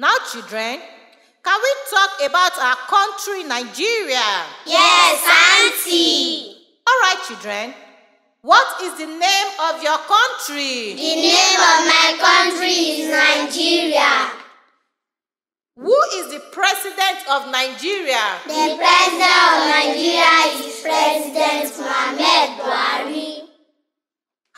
Now, children, can we talk about our country, Nigeria? Yes, Auntie. All right, children. What is the name of your country? The name of my country is Nigeria. Who is the president of Nigeria? The president of Nigeria is President Mohamed Buhari.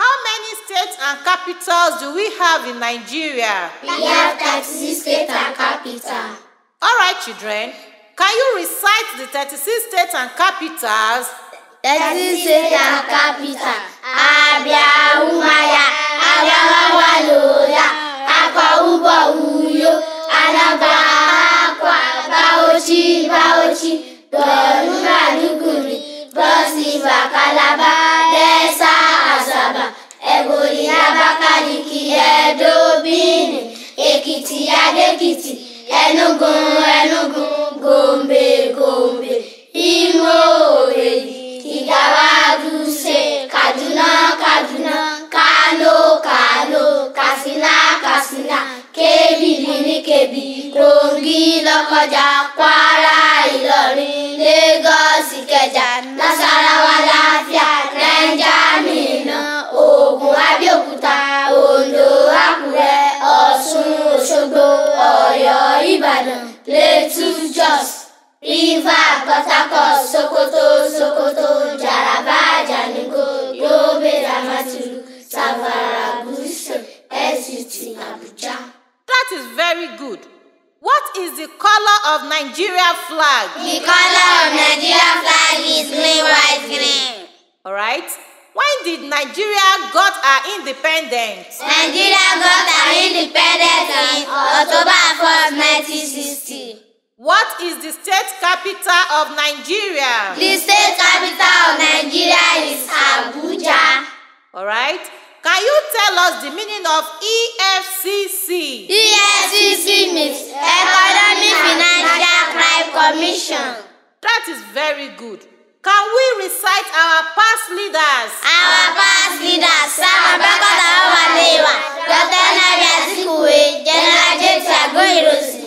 How many states and capitals do we have in Nigeria? We have 36 states and capitals. All right, children. Can you recite the 36 states and capitals? 36 states and capitals. Abia Umaya, Abia Waloya, Akwa Ubo Uyo, Alaba Akwa, Baochi Baochi, Boruna Lukuri, Bosi Bakalaba. adékìtì adékìtì ẹnugun ẹnugun gombe gombe imo èyí kìgàwájú ṣe kaduna kaduna kano kano kasina kasina, kebìlì ní kebì kogi lọ́kọjà kwara. Ibadan, Jos, River, Port Harcourt, Sokoto, Sokoto, Taraba, Jalingo, Yobe, Damaturu, Savara, Gusau, Abuja. That is very good. What is the color of Nigeria flag? The color of Nigeria flag is green, white, green. All right. When did Nigeria got our independence? Nigeria got our independence in October What is the state capital of Nigeria? The state capital of Nigeria is Abuja. All right. Can you tell us the meaning of EFCC? EFCC means Economic Financial Crime Commission. That is very good. Can we recite our past leaders? Our past leaders, Sam Abakata Awalewa, Dr. Nabi General James Agoirosi.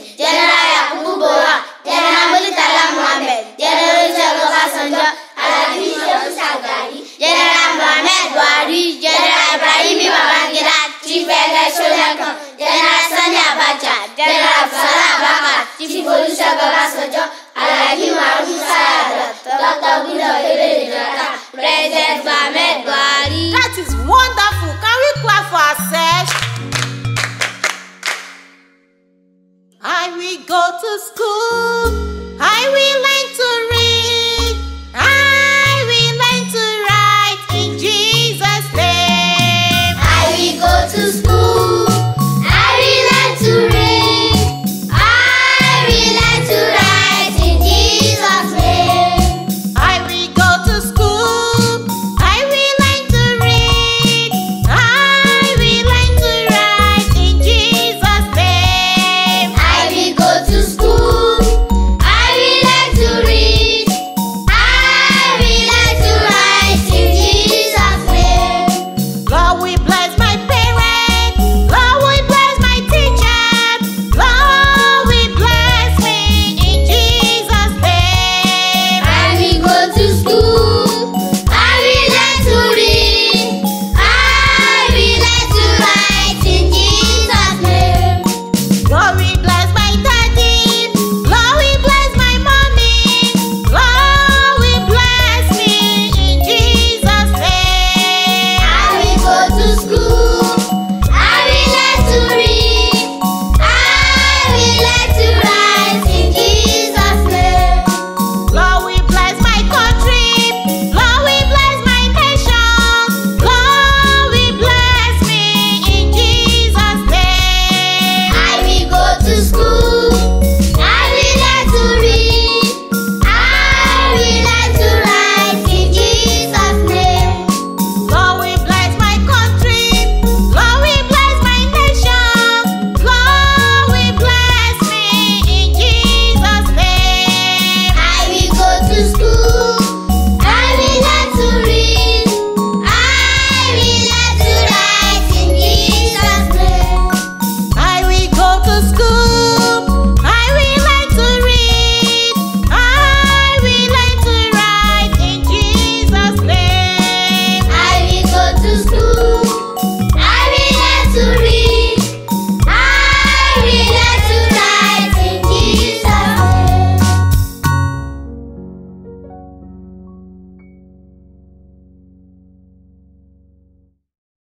Chief Elder Sholankan, General Sani Abacha, General Abdulsalam Abubakar, Chief Olusegun Obasanjo, Alhaji Umaru Sa'adat, Dr. Goodluck Ebele Jonathan, President Mohammed Buhari. That is wonderful. Can we clap for ourselves? I will go to school. I will.